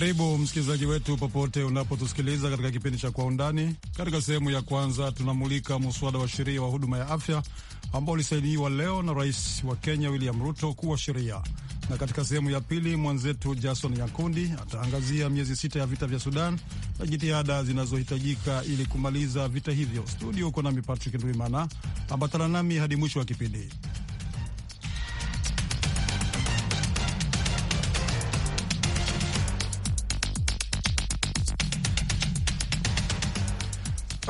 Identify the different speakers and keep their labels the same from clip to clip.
Speaker 1: Karibu msikilizaji wetu popote unapotusikiliza katika kipindi cha Kwa Undani. Katika sehemu ya kwanza, tunamulika muswada wa sheria wa huduma ya afya ambao ulisainiwa leo na Rais wa Kenya William Ruto kuwa sheria, na katika sehemu ya pili mwenzetu Jason Nyakundi ataangazia miezi sita ya vita vya Sudan na jitihada zinazohitajika ili kumaliza vita hivyo. Studio uko nami Patrick Ndwimana, ambatana nami hadi mwisho wa kipindi.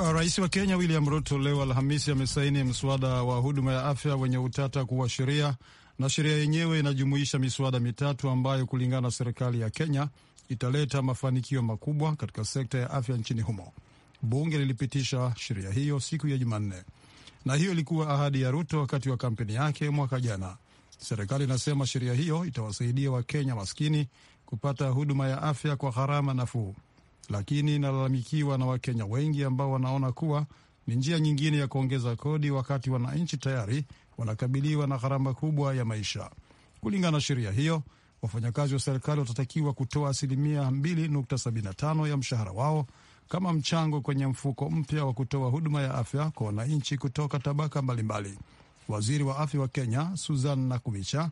Speaker 1: Uh, Rais wa Kenya William Ruto leo Alhamisi amesaini mswada wa huduma ya afya wenye utata kuwa sheria, na sheria yenyewe inajumuisha miswada mitatu ambayo kulingana na serikali ya Kenya italeta mafanikio makubwa katika sekta ya afya nchini humo. Bunge lilipitisha sheria hiyo siku ya Jumanne, na hiyo ilikuwa ahadi ya Ruto wakati wa kampeni yake mwaka jana. Serikali inasema sheria hiyo itawasaidia Wakenya maskini kupata huduma ya afya kwa gharama nafuu lakini inalalamikiwa na Wakenya wengi ambao wanaona kuwa ni njia nyingine ya kuongeza kodi wakati wananchi tayari wanakabiliwa na gharama kubwa ya maisha. Kulingana na sheria hiyo, wafanyakazi wa serikali watatakiwa kutoa asilimia 2.75 ya mshahara wao kama mchango kwenye mfuko mpya wa kutoa huduma ya afya kwa wananchi kutoka tabaka mbalimbali. Waziri wa afya wa Kenya Susan Nakumicha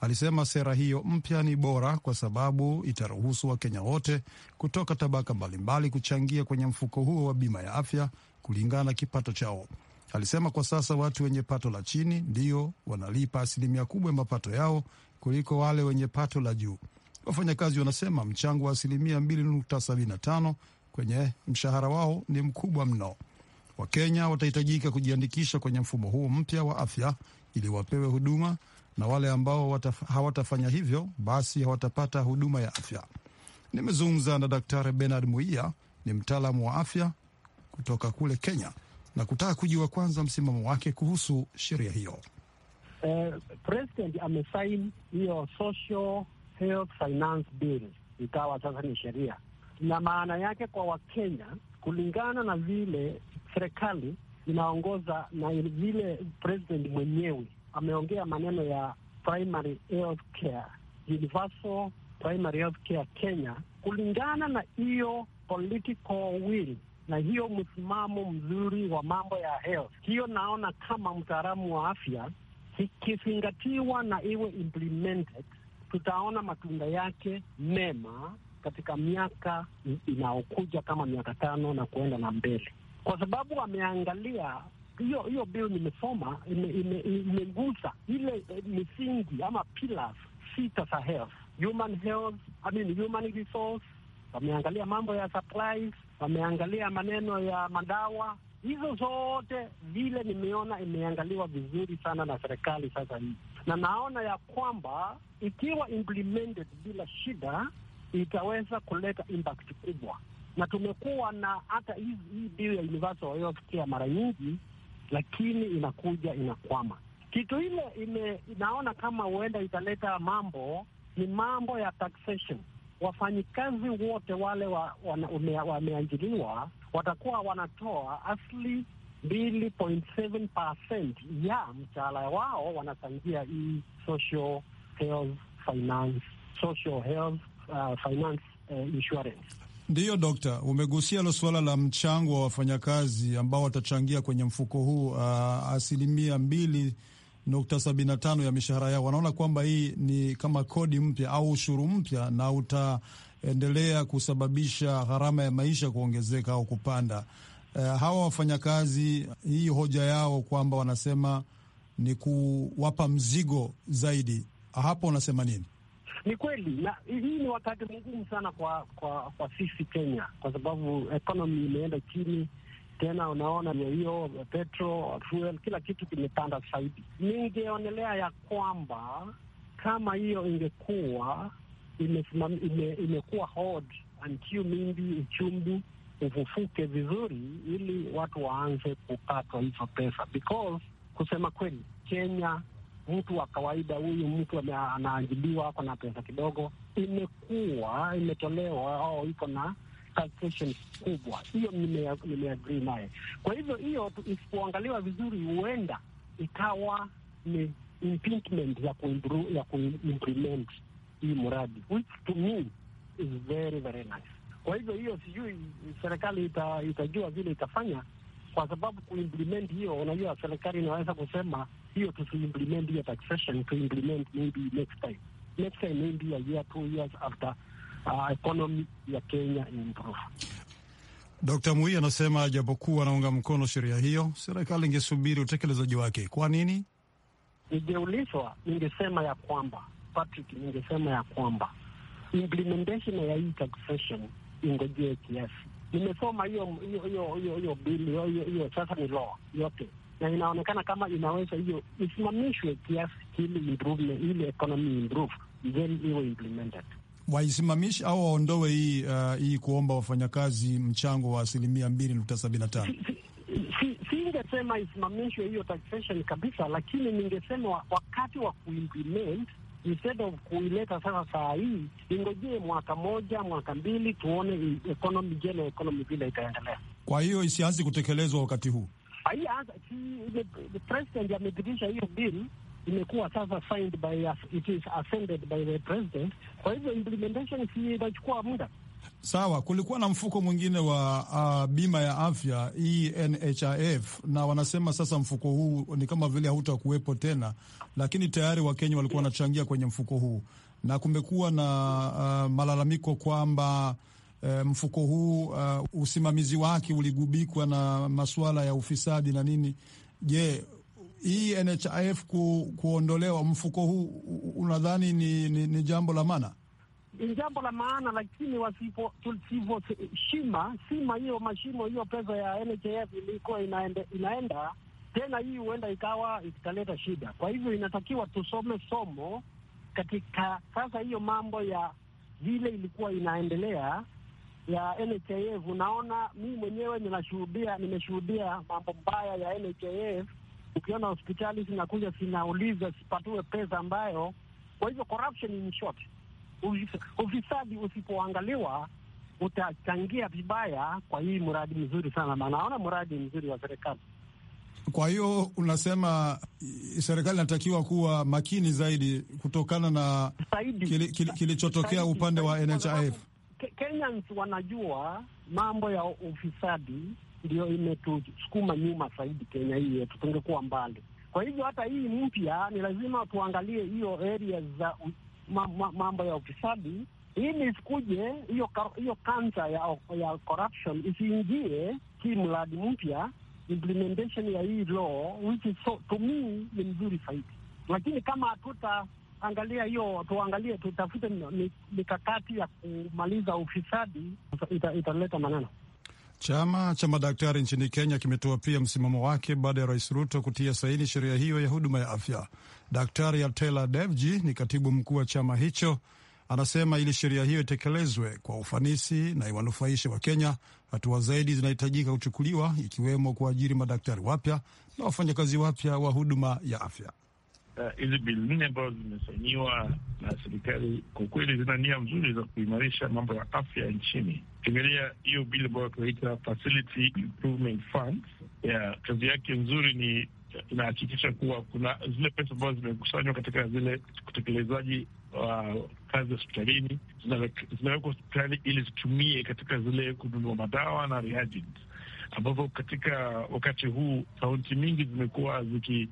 Speaker 1: alisema sera hiyo mpya ni bora kwa sababu itaruhusu Wakenya wote kutoka tabaka mbalimbali kuchangia kwenye mfuko huo wa bima ya afya kulingana na kipato chao. Alisema kwa sasa watu wenye pato la chini ndio wanalipa asilimia kubwa ya mapato yao kuliko wale wenye pato la juu. Wafanyakazi wanasema mchango wa asilimia 2.75 kwenye mshahara wao ni mkubwa mno. Wakenya watahitajika kujiandikisha kwenye mfumo huo mpya wa afya ili wapewe huduma na wale ambao wataf, hawatafanya hivyo basi hawatapata huduma ya afya. Nimezungumza na Daktari Bernard Muia, ni mtaalamu wa afya kutoka kule Kenya, na kutaka kujua kwanza msimamo wake kuhusu sheria hiyo.
Speaker 2: Uh, president amesaini hiyo social health finance bill ikawa sasa ni sheria, na maana yake kwa Wakenya kulingana na vile serikali inaongoza na vile president mwenyewe ameongea maneno ya primary health care, universal primary health care Kenya, kulingana na hiyo political will na hiyo msimamo mzuri wa mambo ya health. Hiyo naona kama mtaalamu wa afya, ikizingatiwa na iwe implemented, tutaona matunda yake mema katika miaka inayokuja kama miaka tano na kuenda na mbele, kwa sababu ameangalia hiyo hiyo bill nimesoma imegusa ile eh, misingi ama pillars sita za health, human health, I mean human resource. Wameangalia mambo ya supplies, wameangalia maneno ya madawa hizo zote vile nimeona imeangaliwa vizuri sana na serikali sasa hivi, na naona ya kwamba ikiwa implemented bila shida itaweza kuleta impact kubwa, na tumekuwa na hata hii bill ya universal health care mara nyingi lakini inakuja inakwama. Kitu ile ime, inaona kama huenda italeta mambo ni mambo ya taxation. Wafanyikazi wote wale wa, wameajiriwa watakuwa wanatoa asli 2.7% ya mtaala wao, wanachangia hii social health finance, social health uh, finance uh, insurance
Speaker 1: Ndiyo Dokta, umegusia lo suala la mchango wa wafanyakazi ambao watachangia kwenye mfuko huu uh, asilimia mbili nukta sabini na tano ya mishahara yao. Wanaona kwamba hii ni kama kodi mpya au ushuru mpya na utaendelea kusababisha gharama ya maisha kuongezeka au kupanda. Uh, hawa wafanyakazi, hii hoja yao kwamba wanasema ni kuwapa mzigo zaidi, hapo unasema nini?
Speaker 2: Ni kweli, na hii ni wakati mgumu sana kwa kwa kwa sisi Kenya, kwa sababu economy imeenda chini tena unaona hiyo petro fuel, kila kitu kimepanda zaidi. Ningeonelea ya kwamba kama hiyo ingekuwa imekuwa hod antiu mingi uchumbi ufufuke vizuri, ili watu waanze kupatwa hizo pesa, because kusema kweli Kenya mtu wa kawaida huyu mtu anaajiliwa ako na pesa kidogo, imekuwa imetolewa au oh, iko na calculation kubwa. Hiyo nimeagrii naye. Kwa hivyo hiyo isipoangaliwa vizuri, huenda ikawa ni ya kuimplement hii mradi, which to me is very very nice. Kwa hivyo hiyo sijui serikali ita, itajua vile itafanya, kwa sababu kuimplement hiyo, unajua serikali inaweza kusema hiyo tu tuimplement hiyo taxation, tuimplement maybe next time, next time maybe a year two years after uh, economy ya Kenya
Speaker 1: improve. Dr. Mui anasema japokuwa anaunga mkono sheria hiyo, serikali ingesubiri utekelezaji wake. Kwa nini?
Speaker 2: Ningeulizwa, ningesema ya kwamba Patrick, ningesema ya kwamba implementation ya hii taxation ingojee kiasi. Nimesoma hiyo hiyo hiyo hiyo bili hiyo sasa ni law yote na inaonekana kama inaweza hiyo isimamishwe kiasi ili improvement, ili economy improve then iwe implemented
Speaker 1: waisimamishe au waondowe hii uh, hii kuomba wafanyakazi mchango wa asilimia mbili nukta sabini na tano.
Speaker 2: Singesema isimamishwe hiyo taxation kabisa, lakini ningesema wakati wa kuimplement instead of kuileta sasa saa hii, ingojee mwaka moja mwaka mbili tuone economy, general economy vile itaendelea.
Speaker 1: Kwa hiyo isianzi kutekelezwa wakati huu
Speaker 2: president amepitisha hiyo bill imekuwa sasa signed by it is ascended by the president. Kwa hivyo implementation si inachukua muda.
Speaker 1: Sawa, kulikuwa na mfuko mwingine wa uh, bima ya afya ENHIF, na wanasema sasa mfuko huu ni kama vile hautakuwepo tena, lakini tayari Wakenya walikuwa wanachangia kwenye mfuko huu na kumekuwa na uh, malalamiko kwamba e, mfuko huu uh, usimamizi wake uligubikwa na masuala ya ufisadi na nini. Je, hii NHIF ku, kuondolewa mfuko huu unadhani ni, ni, ni jambo la maana?
Speaker 2: Ni jambo la maana, lakini wasivoshima sima hiyo mashimo hiyo pesa ya NHIF ilikuwa inaende, inaenda tena, hii huenda ikawa ikaleta shida. Kwa hivyo inatakiwa tusome somo katika sasa hiyo mambo ya vile ilikuwa inaendelea ya NHIF, unaona mimi mwenyewe ninashuhudia, nimeshuhudia mambo mbaya ya NHIF. Ukiona hospitali zinakuja zinauliza zipatiwe pesa ambayo, kwa hivyo corruption in short, ufisadi usipoangaliwa utachangia vibaya kwa hii mradi mzuri sana, maana naona mradi mzuri wa serikali.
Speaker 1: Kwa hiyo unasema serikali inatakiwa kuwa makini zaidi kutokana na kilichotokea kili, kili upande wa NHIF.
Speaker 2: Kenyans wanajua mambo ya ufisadi ndio imetusukuma nyuma zaidi Kenya hii yetu, tungekuwa mbali. Kwa hivyo hata hii mpya ni lazima tuangalie hiyo area za ma, ma, mambo ya ufisadi ili isikuje hiyo hiyo kansa ya, ya corruption isiingie hii mradi mpya implementation ya hii law which is so, to me ni mzuri zaidi, lakini kama hatuta angalia hiyo, tuangalie, tutafute mikakati ya kumaliza ufisadi, italeta ita maneno.
Speaker 1: Chama cha madaktari nchini Kenya kimetoa pia msimamo wake baada ya Rais Ruto kutia saini sheria hiyo ya huduma ya afya. Daktari Atela Devji ni katibu mkuu wa chama hicho, anasema ili sheria hiyo itekelezwe kwa ufanisi na iwanufaishe wa Kenya, hatua zaidi zinahitajika kuchukuliwa, ikiwemo kuajiri madaktari wapya na wafanyakazi wapya wa huduma ya afya.
Speaker 3: Eh, hizi uh, bili nne ambazo zimesainiwa na serikali kwa kweli zina nia nzuri za kuimarisha mambo ya afya nchini. kiangalia hiyo bili ambayo tunaita Facility Improvement kazi yake nzuri ni inahakikisha kuwa kuna zile pesa ambazo zimekusanywa katika zile utekelezaji wa uh, kazi hospitalini zinawekwa hospitali ili zitumie katika zile kununua madawa na reagents ambavyo katika wakati huu kaunti mingi zimekuwa ziki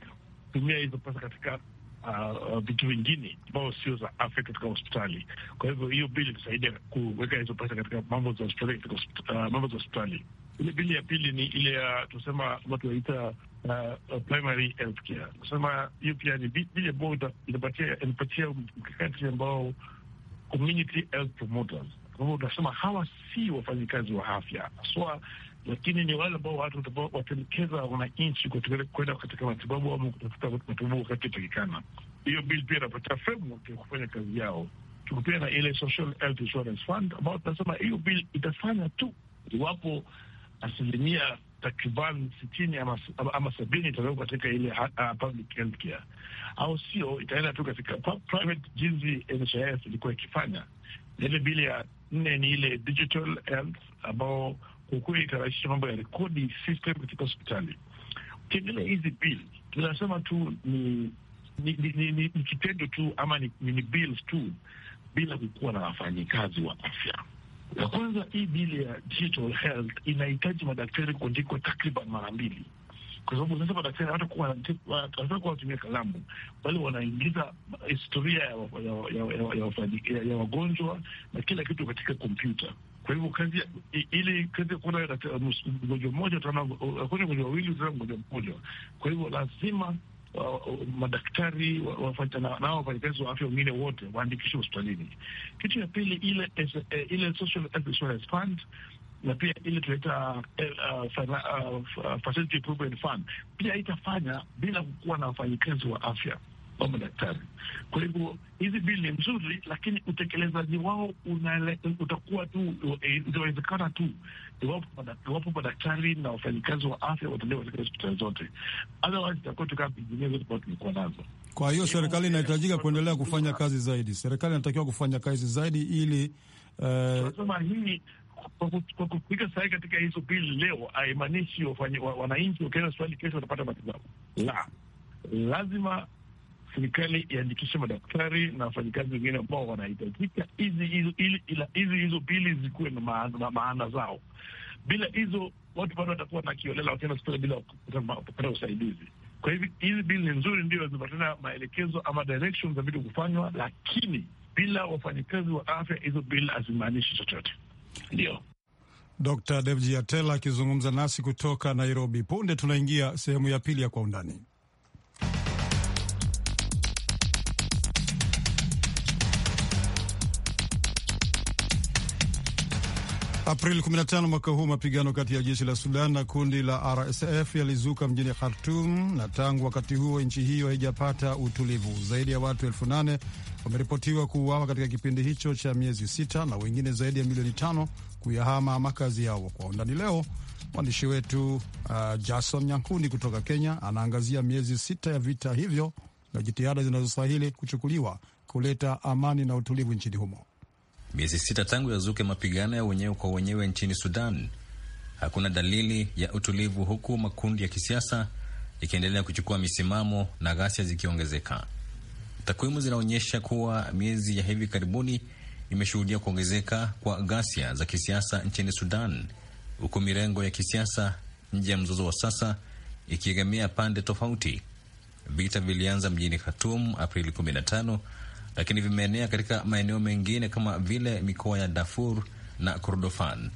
Speaker 3: kutumia hizo pesa katika ah, ah, vitu uh, vingine ambao sio za afya katika hospitali. Kwa hivyo hiyo bili tusaidia kuweka hizo pesa katika mambo za hospitali, uh, mambo za hospitali. Ile bili ya pili ni ile ya tunasema watu tunaita uh, primary health care. hiyo pia ni bili ambao inapatia mkakati ambao community health promoters, kwa hivyo hawa si wafanyikazi wa afya haswa, lakini ni wale ambao watu wataelekeza wananchi kwenda katika matibabu ama kutafuta matibabu wakati atakikana. Hiyo bill pia inapatia framework ya kufanya kazi yao. Tuko pia na ile Social Health Insurance Fund ambao tunasema hiyo bill itafanya tu iwapo asilimia takriban sitini ama, sabini itawekwa katika ile ah, public health care, au sio? Itaenda tu katika private jinsi NHIF ilikuwa ikifanya. Na ile bili ya nne ni ile digital health ambao kwa kweli itarahisisha mambo ya rekodi system katika hospitali. Ukiangalia hizi bill tunasema tu ni ni, ni, ni, ni, ni kitendo tu ama ni, ni, ni bills tu bila kukuwa na wafanyikazi wa afya. Ya kwanza hii bill ya digital health inahitaji madaktari kuandikwa takriban mara mbili, kwa sababu sasa madaktari hata kuwa watumia kalamu, bali wanaingiza historia ya wagonjwa na kila kitu katika kompyuta. Kwa hivyo kazi, ili kazi ya mgonjwa mmoja kwenye mgonjwa wawili tuna mgonjwa mmoja. Kwa hivyo lazima uh, uh, madaktari na wafanyakazi wa afya wengine wote waandikishe hospitalini. Kitu ya pili, ile eh, ile social health insurance fund na pia ile tunaita eh, uh, facility improvement fund pia itafanya bila kukuwa na wafanyikazi wa afya wa madaktari. Kwa hivyo hizi bili ni nzuri, lakini utekelezaji wao utakuwa tu, utawezekana eh, tu iwapo madaktari na wafanyikazi wa afya wataendewa katika hospitali zote, otherwise itakuwa tu kama pingine zote ambao tumekuwa nazo.
Speaker 1: Kwa hiyo serikali inahitajika kuendelea kufanya kazi zaidi, serikali inatakiwa kufanya kazi zaidi ili eh, tunasema hii
Speaker 3: kwa kufika sahihi katika hizo bili leo haimaanishi wananchi wakienda swali kesho watapata matibabu la lazima serikali iandikishe madaktari na wafanyikazi wengine ambao wanahitajika, hizi hizo bili zikuwe na maana, maana zao. Bila hizo watu bado watakuwa na kiolela wakienda hospitali bila kupata usaidizi. Kwa hivi hizi bili ni nzuri, ndio zimepatana maelekezo ama directions za vitu kufanywa, lakini bila wafanyikazi wa afya hizo bili hazimaanishi chochote. Ndio
Speaker 1: Dr. Devji Atela akizungumza nasi kutoka Nairobi. Punde tunaingia sehemu ya pili ya Kwa Undani. Aprili 15 mwaka huu mapigano kati ya jeshi la Sudan na kundi la RSF yalizuka mjini Khartum, na tangu wakati huo nchi hiyo haijapata utulivu. Zaidi ya watu elfu nane wameripotiwa kuuawa katika kipindi hicho cha miezi sita na wengine zaidi ya milioni tano kuyahama makazi yao. Kwa undani leo mwandishi wetu uh, Jason nyankundi kutoka Kenya anaangazia miezi sita ya vita hivyo na jitihada zinazostahili kuchukuliwa kuleta amani na utulivu nchini humo
Speaker 4: miezi sita tangu yazuke mapigano ya wenyewe kwa wenyewe nchini Sudan, hakuna dalili ya utulivu, huku makundi ya kisiasa ikiendelea kuchukua misimamo na ghasia zikiongezeka. Takwimu zinaonyesha kuwa miezi ya hivi karibuni imeshuhudia kuongezeka kwa ghasia za kisiasa nchini Sudan, huku mirengo ya kisiasa nje ya mzozo wa sasa ikiegemea pande tofauti. Vita vilianza mjini Khartoum Aprili lakini vimeenea katika maeneo mengine kama vile mikoa ya Darfur na Kordofan.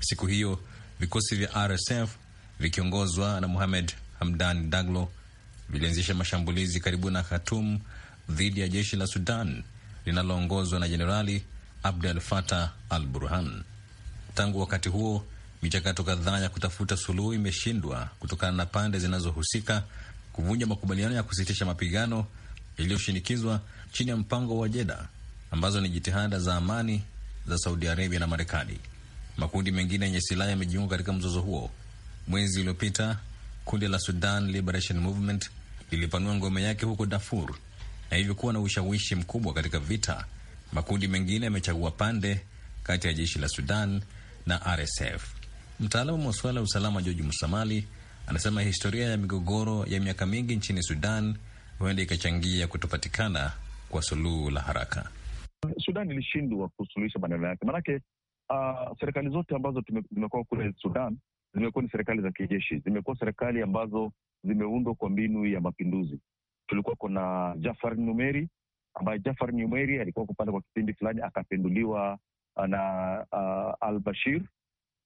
Speaker 4: Siku hiyo vikosi vya RSF vikiongozwa na Mohamed Hamdan Daglo vilianzisha mashambulizi karibu na Khartoum dhidi ya jeshi la Sudan linaloongozwa na Jenerali Abdel Fattah al Burhan. Tangu wakati huo michakato kadhaa ya kutafuta suluhu imeshindwa kutokana na pande zinazohusika kuvunja makubaliano ya kusitisha mapigano yaliyoshinikizwa chini ya mpango wa Jeda ambazo ni jitihada za amani za Saudi Arabia na Marekani. Makundi mengine yenye silaha yamejiunga katika mzozo huo. Mwezi uliopita kundi la Sudan Liberation Movement lilipanua ngome yake huko Darfur na hivyo kuwa na ushawishi mkubwa katika vita. Makundi mengine yamechagua pande kati ya jeshi la Sudan na RSF. Mtaalamu wa masuala ya usalama George Musamali anasema historia ya migogoro ya miaka mingi nchini Sudan huenda ikachangia kutopatikana kwa suluhu la haraka.
Speaker 5: Sudan ilishindwa kusuluhisha maneno yake, maanake uh, serikali zote ambazo zimekuwa kule Sudan zimekuwa ni serikali za kijeshi, zimekuwa serikali ambazo zimeundwa kwa mbinu ya mapinduzi. Tulikuwa kuna Jafar Numeri ambaye Jafar Numeri alikuwa kupanda kwa kipindi fulani akapinduliwa ah, na uh, ah, Al Bashir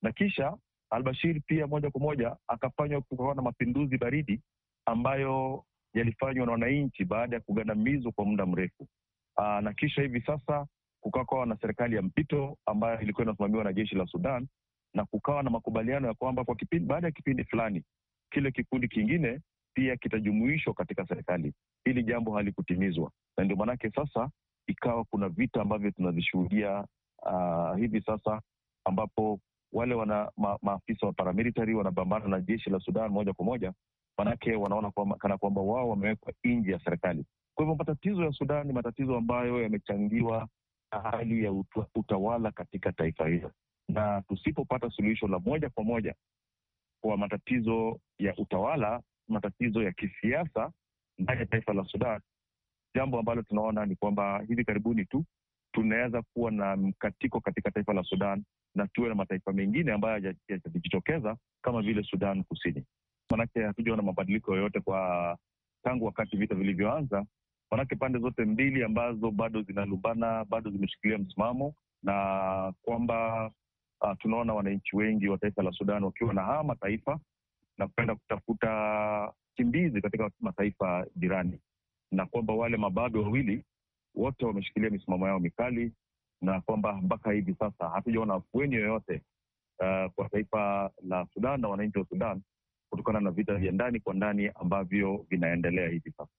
Speaker 5: na kisha Al Bashir pia moja kwa moja akafanywa, kukawa na mapinduzi baridi ambayo yalifanywa na wananchi baada ya kugandamizwa kwa muda mrefu, ah, na kisha hivi sasa kukakawa na serikali ya mpito ambayo ilikuwa inasimamiwa na jeshi la Sudan, na kukawa na makubaliano ya kwamba kwa kipindi, baada ya kipindi fulani kile kikundi kingine pia kitajumuishwa katika serikali. Hili jambo halikutimizwa, na ndio maanake sasa ikawa kuna vita ambavyo tunavishuhudia uh, ah, hivi sasa ambapo wale wana ma, maafisa wa paramilitary wanapambana na jeshi la Sudan moja kwa moja, manake wanaona kwa, kana kwamba wao wamewekwa nje ya serikali. Kwa hivyo matatizo ya Sudan ni matatizo ambayo yamechangiwa na hali ya utawala katika taifa hilo, na tusipopata suluhisho la moja kwa moja kwa matatizo ya utawala, matatizo ya kisiasa ndani ya taifa la Sudan, jambo ambalo tunaona ni kwamba hivi karibuni tu tunaweza kuwa na mkatiko katika taifa la Sudan na tuwe na mataifa mengine ambayo yajajitokeza kama vile Sudan Kusini manake hatujaona mabadiliko yoyote kwa tangu wakati vita vilivyoanza, manake pande zote mbili ambazo bado zinalumbana bado zimeshikilia msimamo na kwamba uh, tunaona wananchi wengi wa taifa la Sudan wakiwa na haya mataifa na kwenda kutafuta kimbizi katika mataifa jirani, na kwamba wale mababe wawili wote wameshikilia misimamo yao mikali, na kwamba mpaka hivi sasa hatujaona afueni yoyote uh, kwa taifa la Sudan na wananchi wa Sudan kutokana na vita vya ndani kwa ndani ambavyo vinaendelea hivi sasa.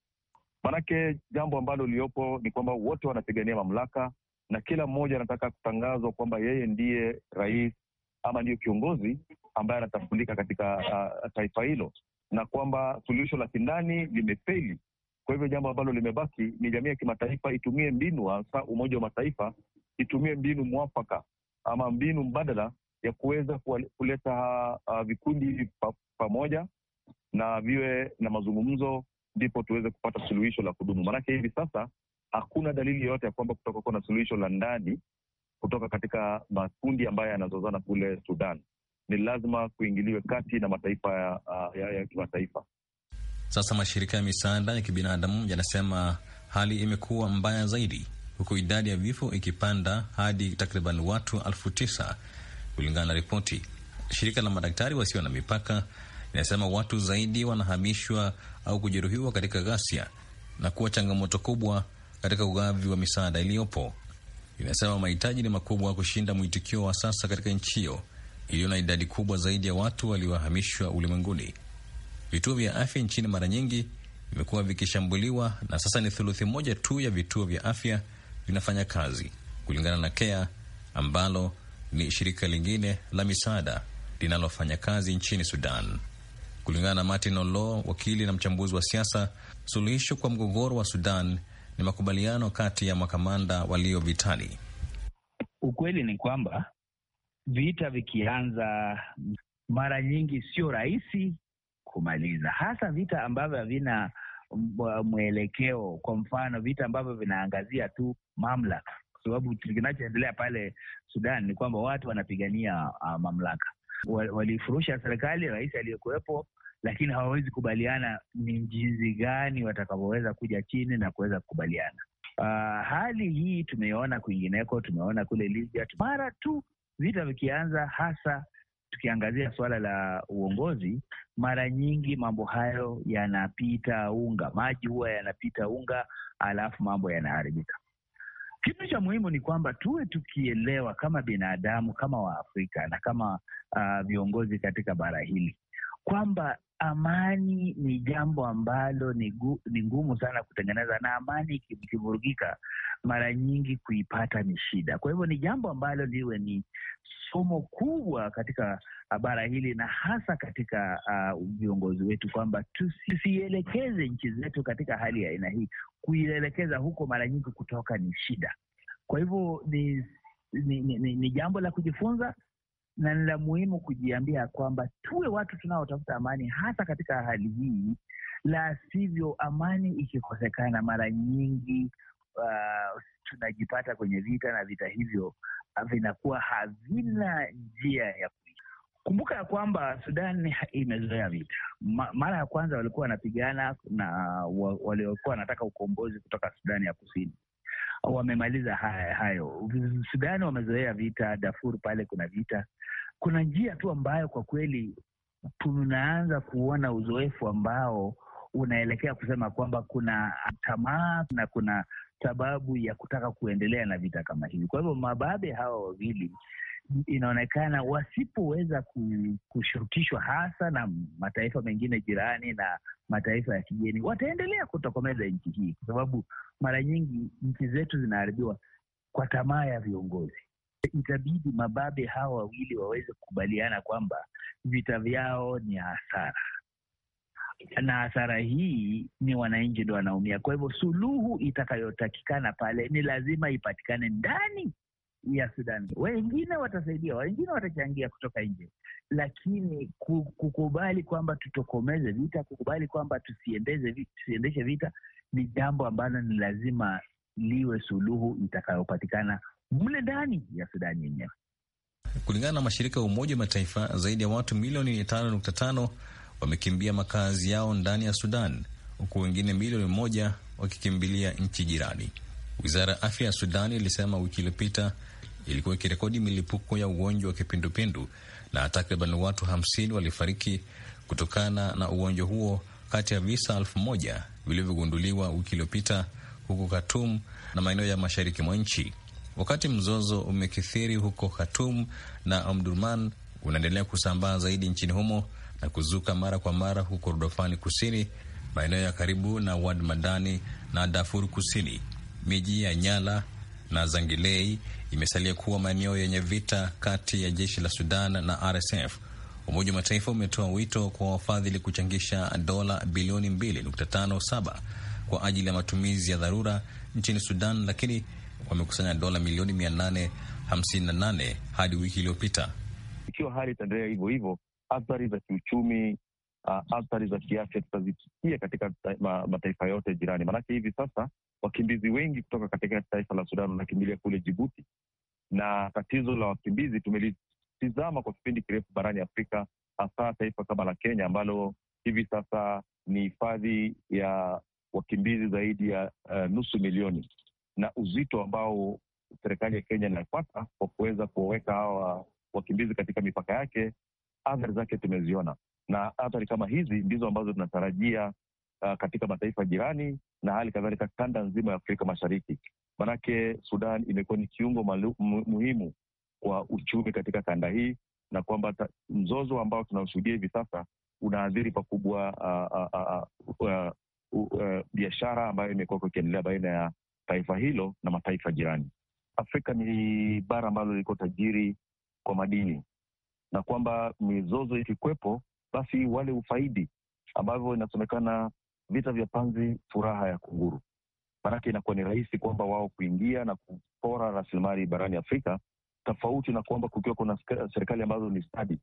Speaker 5: Maanake jambo ambalo liliyopo ni kwamba wote wanapigania mamlaka na kila mmoja anataka kutangazwa kwamba yeye ndiye rais ama ndiyo kiongozi ambaye anatambulika katika uh, taifa hilo, na kwamba suluhisho la kindani limefeli. Kwa hivyo jambo ambalo limebaki ni jamii ya kimataifa itumie mbinu, hasa Umoja wa Mataifa itumie mbinu mwafaka ama mbinu mbadala ya kuweza kuleta uh, vikundi pa, pamoja na viwe na mazungumzo, ndipo tuweze kupata suluhisho la kudumu. Maanake hivi sasa hakuna dalili yoyote ya kwamba kutakuwa na suluhisho la ndani kutoka katika makundi ambayo yanazozana kule Sudan. Ni lazima kuingiliwe kati na mataifa ya, ah, ya, ya kimataifa.
Speaker 4: Sasa mashirika ya misaada ya kibinadamu yanasema hali imekuwa mbaya zaidi, huku idadi ya vifo ikipanda hadi takriban watu elfu tisa Kulingana na ripoti, shirika la madaktari wasio na mipaka inasema watu zaidi wanahamishwa au kujeruhiwa katika ghasia na kuwa changamoto kubwa katika ugavi wa misaada iliyopo. Inasema mahitaji ni makubwa kushinda mwitikio wa sasa katika nchi hiyo iliyo na idadi kubwa zaidi ya watu waliohamishwa ulimwenguni. Vituo vya afya nchini mara nyingi vimekuwa vikishambuliwa na sasa ni thuluthi moja tu ya vituo vya afya vinafanya kazi, kulingana na Kea ambalo ni shirika lingine la misaada linalofanya kazi nchini Sudan. Kulingana na Martin Olo, wakili na mchambuzi wa siasa, suluhisho kwa mgogoro wa Sudan ni makubaliano kati ya makamanda walio vitani.
Speaker 6: Ukweli ni kwamba vita vikianza, mara nyingi sio rahisi kumaliza, hasa vita ambavyo havina mwelekeo. Kwa mfano, vita ambavyo vinaangazia tu mamlaka kwa sababu kinachoendelea pale Sudan ni kwamba watu wanapigania uh, mamlaka. Walifurusha serikali rais aliyekuwepo, lakini hawawezi kubaliana ni jinsi gani watakavyoweza kuja chini na kuweza kukubaliana. Uh, hali hii tumeona kwingineko, tumeona kule Libya mara tu vita vikianza, hasa tukiangazia suala la uongozi, mara nyingi mambo hayo yanapita unga, maji huwa yanapita unga, alafu mambo yanaharibika. Kitu cha muhimu ni kwamba tuwe tukielewa kama binadamu, kama Waafrika na kama uh, viongozi katika bara hili kwamba amani ni jambo ambalo ni, gu, ni ngumu sana kutengeneza, na amani ikivurugika, mara nyingi kuipata ni shida. Kwa hivyo ni jambo ambalo liwe ni somo kubwa katika ah, bara hili na hasa katika ah, viongozi uh, wetu kwamba tusielekeze nchi zetu katika hali ya aina hii, kuielekeza huko mara nyingi kutoka ni shida. Kwa hivyo ni, ni, ni, ni, ni jambo la kujifunza na ni la muhimu kujiambia kwamba tuwe watu tunaotafuta amani hasa katika hali hii, la sivyo amani ikikosekana mara nyingi uh, tunajipata kwenye vita na vita hivyo vinakuwa havina njia ya Kumbuka ya kwamba Sudan imezoea vita. Mara ya kwanza walikuwa wanapigana na waliokuwa wanataka ukombozi kutoka Sudani ya Kusini, wamemaliza hayo. Sudani wamezoea vita. Darfur pale kuna vita. Kuna njia tu ambayo kwa kweli tunaanza kuona uzoefu ambao unaelekea kusema kwamba kuna tamaa na kuna sababu ya kutaka kuendelea na vita kama hivi. Kwa hivyo mababe hawa wawili inaonekana wasipoweza kushurutishwa hasa na mataifa mengine jirani na mataifa ya kigeni, wataendelea kutokomeza nchi hii, kwa sababu mara nyingi nchi zetu zinaharibiwa kwa tamaa ya viongozi. Itabidi mababe hawa wawili waweze kukubaliana kwamba vita vyao ni hasara, na hasara hii ni wananchi ndo wanaumia. Kwa hivyo suluhu itakayotakikana pale ni lazima ipatikane ndani ya Sudan. Wengine watasaidia, wengine watachangia kutoka nje, lakini kukubali kwamba tutokomeze vita, kukubali kwamba tusiendeshe vita, tusiendeshe vita ni jambo ambalo ni lazima liwe suluhu itakayopatikana mle ndani ya Sudani yenyewe.
Speaker 4: Kulingana na mashirika ya Umoja wa Mataifa, zaidi ya watu milioni 5.5 wamekimbia makazi yao ndani ya Sudan, huku wengine milioni moja wakikimbilia nchi jirani. Wizara ya afya ya Sudani ilisema wiki iliyopita ilikuwa ikirekodi milipuko ya ugonjwa wa kipindupindu na takriban watu hamsini walifariki kutokana na ugonjwa huo kati ya visa elfu moja vilivyogunduliwa wiki iliyopita huko Khartoum na maeneo ya mashariki mwa nchi. Wakati mzozo umekithiri huko Khartoum na Omdurman unaendelea kusambaa zaidi nchini humo na kuzuka mara kwa mara huko Kordofani Kusini, maeneo ya karibu na Wad Madani na Darfur Kusini, miji ya Nyala na Zangilei imesalia kuwa maeneo yenye vita kati ya jeshi la Sudan na RSF. Umoja wa Mataifa umetoa wito kwa wafadhili kuchangisha dola bilioni 2.57 kwa ajili ya matumizi ya dharura nchini Sudan, lakini wamekusanya dola milioni 858 hadi wiki iliyopita.
Speaker 5: Ikiwa hali itaendelea hivyo hivyo, athari za kiuchumi uh, athari za kiafya tutazisikia katika ma, mataifa yote jirani, maanake hivi sasa wakimbizi wengi kutoka katika taifa la Sudan wanakimbilia kule Jibuti, na tatizo la wakimbizi tumelitizama kwa kipindi kirefu barani Afrika, hasa taifa kama la Kenya ambalo hivi sasa ni hifadhi ya wakimbizi zaidi ya uh, nusu milioni, na uzito ambao serikali ya Kenya inapata kwa kuweza kuwaweka hawa wakimbizi katika mipaka yake, athari zake tumeziona na athari kama hizi ndizo ambazo tunatarajia uh, katika mataifa jirani na hali kadhalika kanda nzima ya Afrika Mashariki, manake Sudan imekuwa ni kiungo malu, muhimu kwa uchumi katika kanda hii, na kwamba mzozo ambao tunaoshuhudia hivi sasa unaathiri pakubwa ah, ah, eh, biashara ambayo imekuwa ikiendelea baina ya taifa hilo na mataifa jirani. Afrika ni bara ambalo liko tajiri kwa madini na kwamba mizozo ikikwepo basi wale ufaidi, ambavyo inasemekana vita vya panzi furaha ya kunguru, maanake inakuwa ni rahisi kwamba wao kuingia na kupora rasilimali barani Afrika, tofauti na kwamba kukiwa kuna serikali ambazo ni stadi,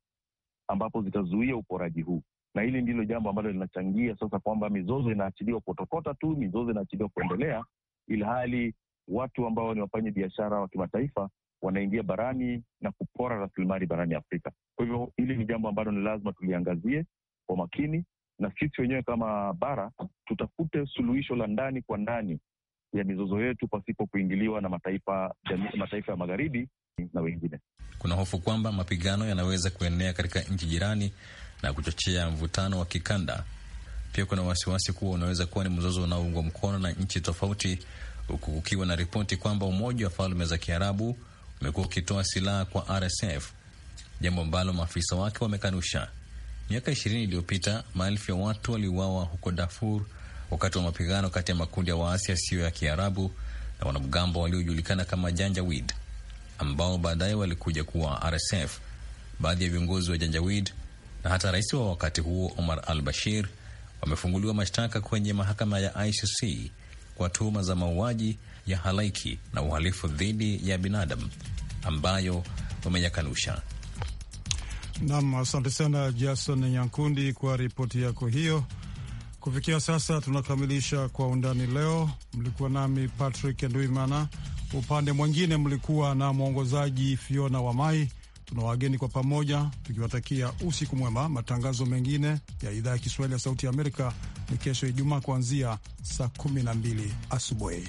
Speaker 5: ambapo zitazuia uporaji huu na hili ndilo jambo ambalo linachangia sasa kwamba mizozo inaachiliwa kutokota tu, mizozo inaachiliwa kuendelea, ilhali watu ambao ni wafanya biashara wa kimataifa wanaingia barani na kupora rasilimali barani Afrika. Kwa hivyo hili ni jambo ambalo ni lazima tuliangazie kwa makini, na sisi wenyewe kama bara tutafute suluhisho la ndani kwa ndani ya mizozo yetu pasipo kuingiliwa na mataifa, mataifa ya magharibi na wengine.
Speaker 4: Kuna hofu kwamba mapigano yanaweza kuenea katika nchi jirani na kuchochea mvutano wa kikanda. Pia kuna wasiwasi kuwa unaweza kuwa ni mzozo unaoungwa mkono na nchi tofauti, huku kukiwa na ripoti kwamba Umoja wa Falme za Kiarabu umekuwa ukitoa silaha kwa RSF, jambo ambalo maafisa wake wamekanusha. Miaka ishirini iliyopita maelfu ya watu waliuawa huko Darfur wakati wa mapigano kati ya makundi ya waasi yasiyo ya Kiarabu na wanamgambo waliojulikana kama Janjaweed ambao baadaye walikuja kuwa RSF. Baadhi ya viongozi wa Janjaweed na hata rais wa wakati huo Omar al Bashir wamefunguliwa mashtaka kwenye mahakama ya ICC kwa tuhuma za mauaji ya halaiki na uhalifu dhidi ya binadamu ambayo wameyakanusha.
Speaker 1: Nam, asante sana Jason Nyankundi kwa ripoti yako hiyo. Kufikia sasa tunakamilisha kwa undani leo. Mlikuwa nami Patrick Nduimana, upande mwingine mlikuwa na mwongozaji Fiona Wamai. Tuna wageni kwa pamoja tukiwatakia usiku mwema. Matangazo mengine ya idhaa ya Kiswahili ya Sauti ya Amerika ni kesho Ijumaa kuanzia saa 12 asubuhi.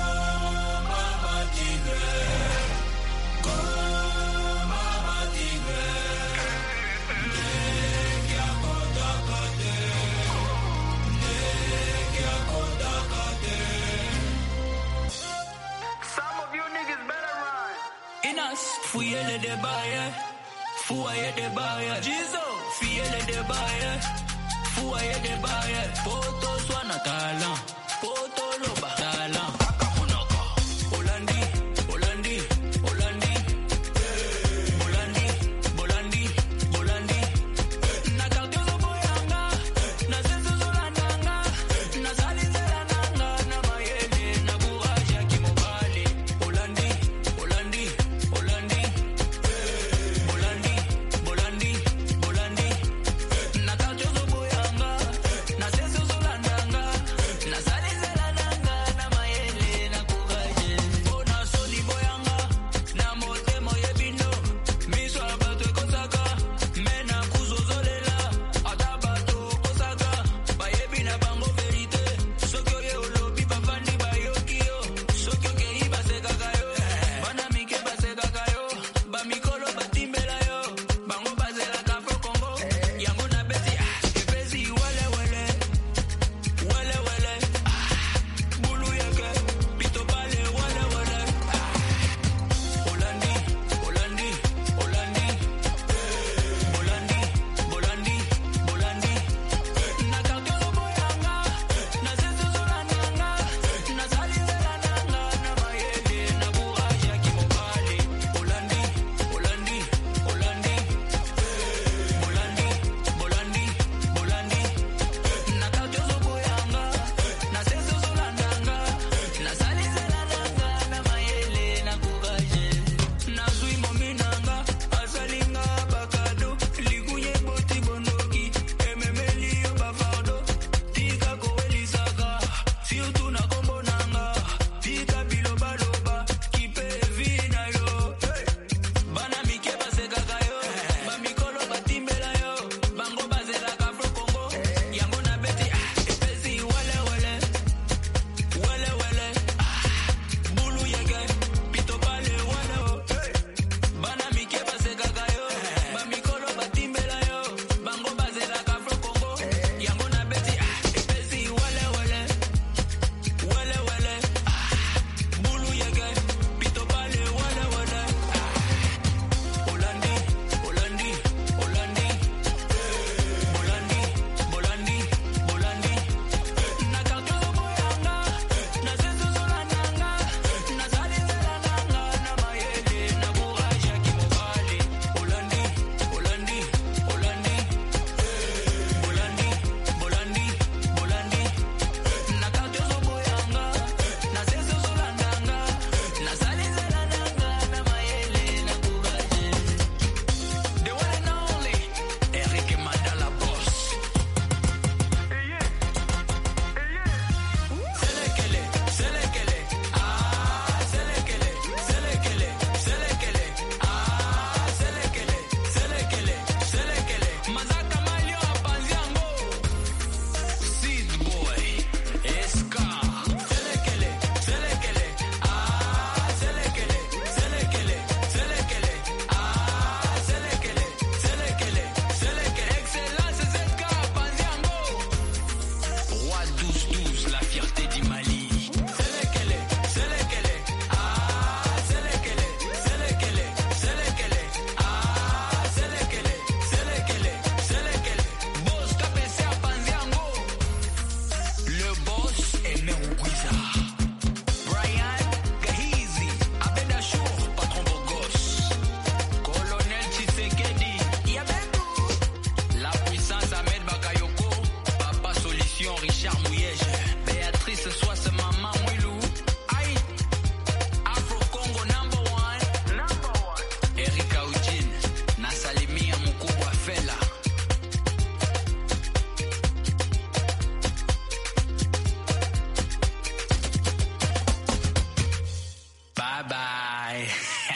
Speaker 7: fuyele de baye fuaye de baye Jesus, fiyele de baye fuaye de baye poto swana kala poto lo